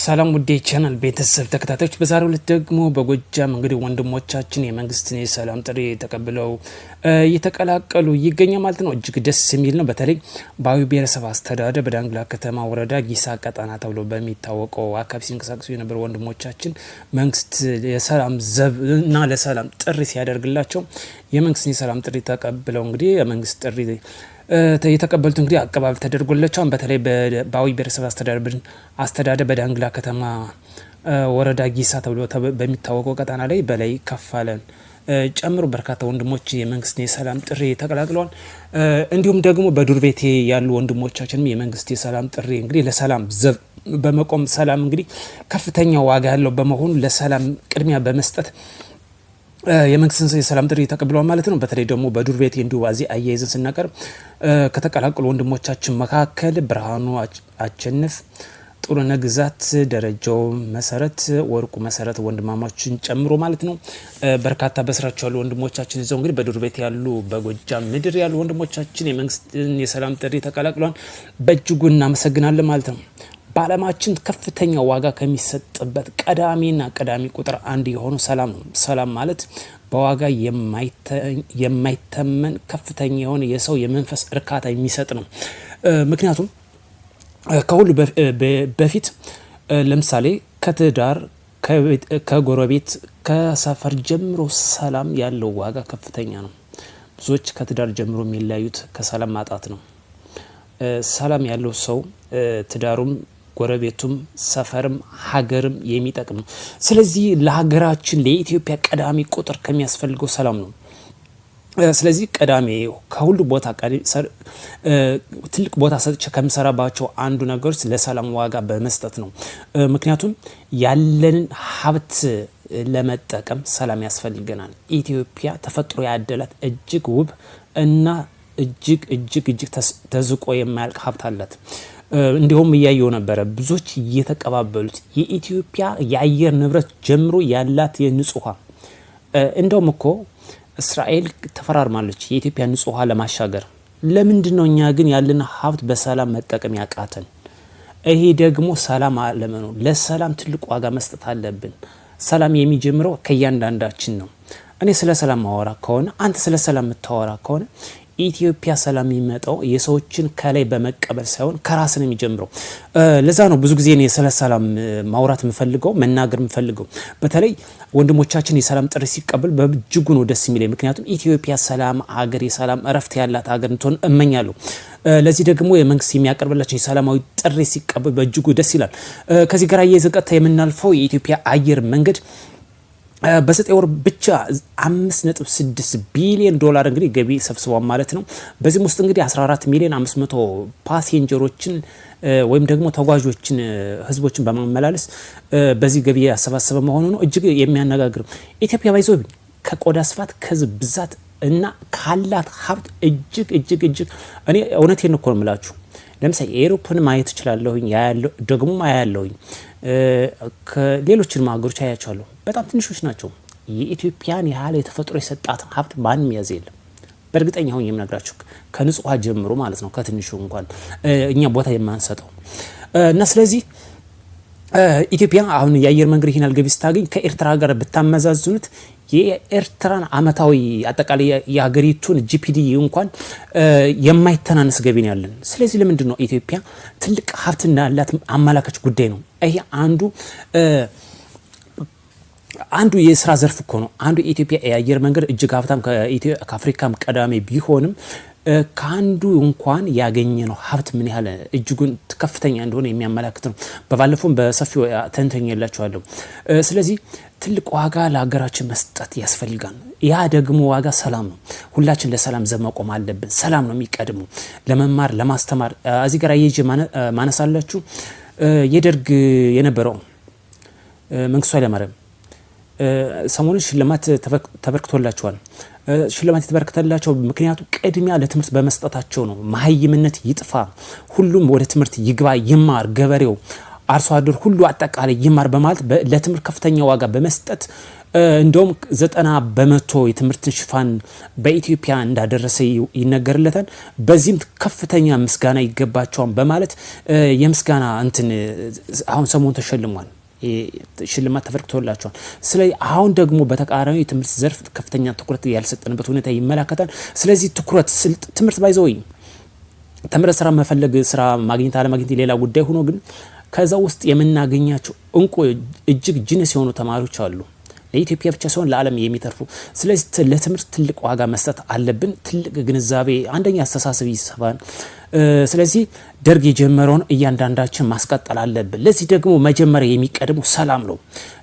ሰላም ውዴ ቻናል ቤተሰብ ተከታታዮች፣ በዛሬው ዕለት ደግሞ በጎጃም እንግዲህ ወንድሞቻችን የመንግስትን የሰላም ጥሪ ተቀብለው እየተቀላቀሉ ይገኛል ማለት ነው። እጅግ ደስ የሚል ነው። በተለይ በአዊ ብሔረሰብ አስተዳደር በዳንግላ ከተማ ወረዳ ጊሳ ቀጠና ተብሎ በሚታወቀው አካባቢ ሲንቀሳቀሱ የነበሩ ወንድሞቻችን መንግስት የሰላም ዘብ እና ለሰላም ጥሪ ሲያደርግላቸው የመንግስትን የሰላም ጥሪ ተቀብለው እንግዲህ የመንግስት ጥሪ የተቀበሉት እንግዲህ አቀባበል ተደርጎላቸዋል። በተለይ በአዊ ብሔረሰብ አስተዳደር አስተዳደር በዳንግላ ከተማ ወረዳ ጊሳ ተብሎ በሚታወቀው ቀጠና ላይ በላይ ከፋለን ጨምሮ በርካታ ወንድሞች የመንግስት የሰላም ጥሪ ተቀላቅለዋል። እንዲሁም ደግሞ በዱር ቤቴ ያሉ ወንድሞቻችንም የመንግስት የሰላም ጥሪ እንግዲህ ለሰላም ዘብ በመቆም ሰላም እንግዲህ ከፍተኛ ዋጋ ያለው በመሆኑ ለሰላም ቅድሚያ በመስጠት የመንግስትን የሰላም ጥሪ ተቀብለዋል ማለት ነው። በተለይ ደግሞ በዱር ቤት እንዲሁ ዋዜ አያይዘን ስናቀርብ ከተቀላቀሉ ወንድሞቻችን መካከል ብርሃኑ አቸንፍ፣ ጥሩነ ግዛት፣ ደረጃው መሰረት፣ ወርቁ መሰረት ወንድማማችን ጨምሮ ማለት ነው በርካታ በስራቸው ያሉ ወንድሞቻችን ይዘው እንግዲህ በዱር ቤት ያሉ በጎጃም ምድር ያሉ ወንድሞቻችን የመንግስትን የሰላም ጥሪ ተቀላቅለዋል። በእጅጉ እናመሰግናለን ማለት ነው። በዓለማችን ከፍተኛ ዋጋ ከሚሰጥበት ቀዳሚና ቀዳሚ ቁጥር አንድ የሆኑ ሰላም ነው። ሰላም ማለት በዋጋ የማይተመን ከፍተኛ የሆነ የሰው የመንፈስ እርካታ የሚሰጥ ነው። ምክንያቱም ከሁሉ በፊት ለምሳሌ ከትዳር፣ ከጎረቤት፣ ከሰፈር ጀምሮ ሰላም ያለው ዋጋ ከፍተኛ ነው። ብዙዎች ከትዳር ጀምሮ የሚለያዩት ከሰላም ማጣት ነው። ሰላም ያለው ሰው ትዳሩም ጎረቤቱም ሰፈርም ሀገርም የሚጠቅም ነው። ስለዚህ ለሀገራችን ለኢትዮጵያ ቀዳሚ ቁጥር ከሚያስፈልገው ሰላም ነው። ስለዚህ ቀዳሚ ከሁሉ ቦታ ትልቅ ቦታ ሰጥቼ ከምሰራባቸው አንዱ ነገሮች ለሰላም ዋጋ በመስጠት ነው። ምክንያቱም ያለንን ሀብት ለመጠቀም ሰላም ያስፈልገናል። ኢትዮጵያ ተፈጥሮ ያደላት እጅግ ውብ እና እጅግ እጅግ እጅግ ተዝቆ የማያልቅ ሀብት አላት። እንዲሁም እያየው ነበረ። ብዙዎች እየተቀባበሉት የኢትዮጵያ የአየር ንብረት ጀምሮ ያላት የንጹህ ውሃ እንደውም እኮ እስራኤል ተፈራርማለች የኢትዮጵያ ንጹህ ውሃ ለማሻገር። ለምንድን ነው እኛ ግን ያለን ሀብት በሰላም መጠቀም ያቃተን? ይሄ ደግሞ ሰላም አለመኖር። ለሰላም ትልቅ ዋጋ መስጠት አለብን። ሰላም የሚጀምረው ከእያንዳንዳችን ነው። እኔ ስለ ሰላም ማወራ ከሆነ አንተ ስለ ሰላም የምታወራ ከሆነ ኢትዮጵያ ሰላም የሚመጣው የሰዎችን ከላይ በመቀበል ሳይሆን ከራስ ነው የሚጀምረው። ለዛ ነው ብዙ ጊዜ ስለ ሰላም ማውራት የምፈልገው መናገር የምፈልገው። በተለይ ወንድሞቻችን የሰላም ጥሪ ሲቀበል በእጅጉ ነው ደስ የሚለኝ። ምክንያቱም ኢትዮጵያ ሰላም ሀገር፣ የሰላም እረፍት ያላት ሀገር እንትሆን እመኛለሁ። ለዚህ ደግሞ የመንግስት የሚያቀርብላቸው የሰላማዊ ጥሪ ሲቀበል በእጅጉ ደስ ይላል። ከዚህ ጋር የዘቀታ የምናልፈው የኢትዮጵያ አየር መንገድ በዘጠኝ ወር ብቻ አምስት ነጥብ ስድስት ቢሊዮን ዶላር እንግዲህ ገቢ ሰብስቧል ማለት ነው። በዚህም ውስጥ እንግዲህ 14 ሚሊዮን 500 ፓሴንጀሮችን ወይም ደግሞ ተጓዦችን ህዝቦችን በማመላለስ በዚህ ገቢ ያሰባሰበ መሆኑ ነው። እጅግ የሚያነጋግር ኢትዮጵያ ባይዞ ከቆዳ ስፋት ከህዝብ ብዛት እና ካላት ሀብት እጅግ እጅግ እጅግ እኔ እውነቴን እኮ ነው የምላችሁ ለምሳሌ የኤሮፕን ማየት እችላለሁኝ ደግሞ አያለሁኝ። ከሌሎችንም ሀገሮች አያቸዋለሁ። በጣም ትንሾች ናቸው። የኢትዮጵያን ያህል የተፈጥሮ የሰጣት ሀብት ማንም ያዝ የለም። በእርግጠኛ ሆኜ የምነግራችሁ ከንጹህ ውሃ ጀምሮ ማለት ነው። ከትንሹ እንኳን እኛ ቦታ የማንሰጠው እና ስለዚህ ኢትዮጵያ አሁን የአየር መንገድ ይህን ያህል ገቢ ስታገኝ ከኤርትራ ጋር ብታመዛዝኑት የኤርትራን አመታዊ አጠቃላይ የሀገሪቱን ጂፒዲ እንኳን የማይተናነስ ገቢ ነው ያለን። ስለዚህ ለምንድን ነው ኢትዮጵያ ትልቅ ሀብት እንዳላት አመላካች ጉዳይ ነው። ይሄ አንዱ አንዱ የስራ ዘርፍ እኮ ነው። አንዱ የኢትዮጵያ የአየር መንገድ እጅግ ሀብታም ከአፍሪካም ቀዳሚ ቢሆንም ከአንዱ እንኳን ያገኘ ነው ሀብት ምን ያህል እጅጉን ከፍተኛ እንደሆነ የሚያመላክት ነው። በባለፈውም በሰፊው ተንተኝ ስለዚህ ትልቅ ዋጋ ለሀገራችን መስጠት ያስፈልጋል። ያ ደግሞ ዋጋ ሰላም ነው። ሁላችን ለሰላም ዘብ መቆም አለብን። ሰላም ነው የሚቀድሙ ለመማር ለማስተማር እዚህ ጋር የጅ ማነሳላችሁ የደርግ የነበረው መንግስቱ ኃይለማርያም ሰሞኑን ሽልማት ተበርክቶላቸዋል። ሽልማት የተበረከተላቸው ምክንያቱም ቅድሚያ ለትምህርት በመስጠታቸው ነው። መሀይምነት ይጥፋ፣ ሁሉም ወደ ትምህርት ይግባ፣ ይማር፣ ገበሬው፣ አርሶ አደር ሁሉ አጠቃላይ ይማር በማለት ለትምህርት ከፍተኛ ዋጋ በመስጠት እንደውም ዘጠና በመቶ የትምህርትን ሽፋን በኢትዮጵያ እንዳደረሰ ይነገርለታል። በዚህም ከፍተኛ ምስጋና ይገባቸዋል በማለት የምስጋና እንትን አሁን ሰሞኑ ተሸልሟል። ሽልማት ተበርክቶላቸዋል። ስለዚህ አሁን ደግሞ በተቃራኒ የትምህርት ዘርፍ ከፍተኛ ትኩረት ያልሰጠንበት ሁኔታ ይመለከታል። ስለዚህ ትኩረት ትምህርት ባይዘው ተምረ ስራ መፈለግ ስራ ማግኘት አለማግኘት ሌላ ጉዳይ ሆኖ ግን ከዛ ውስጥ የምናገኛቸው እንቁ እጅግ ጅነስ የሆኑ ተማሪዎች አሉ ለኢትዮጵያ ብቻ ሳይሆን ለዓለም የሚተርፉ። ስለዚህ ለትምህርት ትልቅ ዋጋ መስጠት አለብን። ትልቅ ግንዛቤ አንደኛ አስተሳሰብ ይሰፋን። ስለዚህ ደርግ የጀመረውን እያንዳንዳችን ማስቀጠል አለብን። ለዚህ ደግሞ መጀመሪያ የሚቀድመው ሰላም ነው።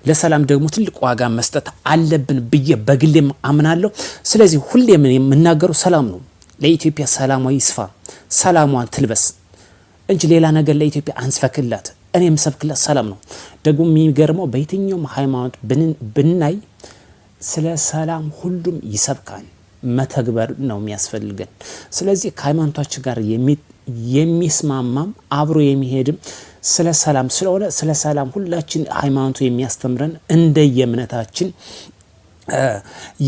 ለሰላም ደግሞ ትልቅ ዋጋ መስጠት አለብን ብዬ በግሌም አምናለሁ። ስለዚህ ሁሌም የምናገረው ሰላም ነው። ለኢትዮጵያ ሰላሟ ይስፋ፣ ሰላሟን ትልበስ እንጂ ሌላ ነገር ለኢትዮጵያ አንስፈክላት። እኔ የምሰብክላት ሰላም ነው። ደግሞ የሚገርመው በየትኛውም ሃይማኖት ብናይ ስለ ሰላም ሁሉም ይሰብካል። መተግበር ነው የሚያስፈልገን። ስለዚህ ከሃይማኖታችን ጋር የሚስማማም አብሮ የሚሄድም ስለ ሰላም ስለሆነ ስለ ሰላም ሁላችን ሃይማኖቱ የሚያስተምረን እንደየእምነታችን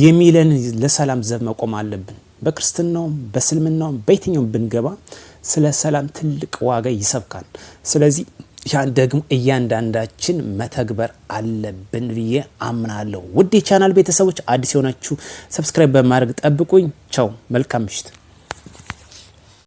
የሚለን ለሰላም ዘብ መቆም አለብን። በክርስትናውም በእስልምናውም በየትኛውም ብንገባ ስለ ሰላም ትልቅ ዋጋ ይሰብካል። ስለዚህ ያን ደግሞ እያንዳንዳችን መተግበር አለብን ብዬ አምናለሁ። ውድ የቻናል ቤተሰቦች አዲስ የሆናችሁ ሰብስክራይብ በማድረግ ጠብቁኝ። ቻው፣ መልካም ምሽት።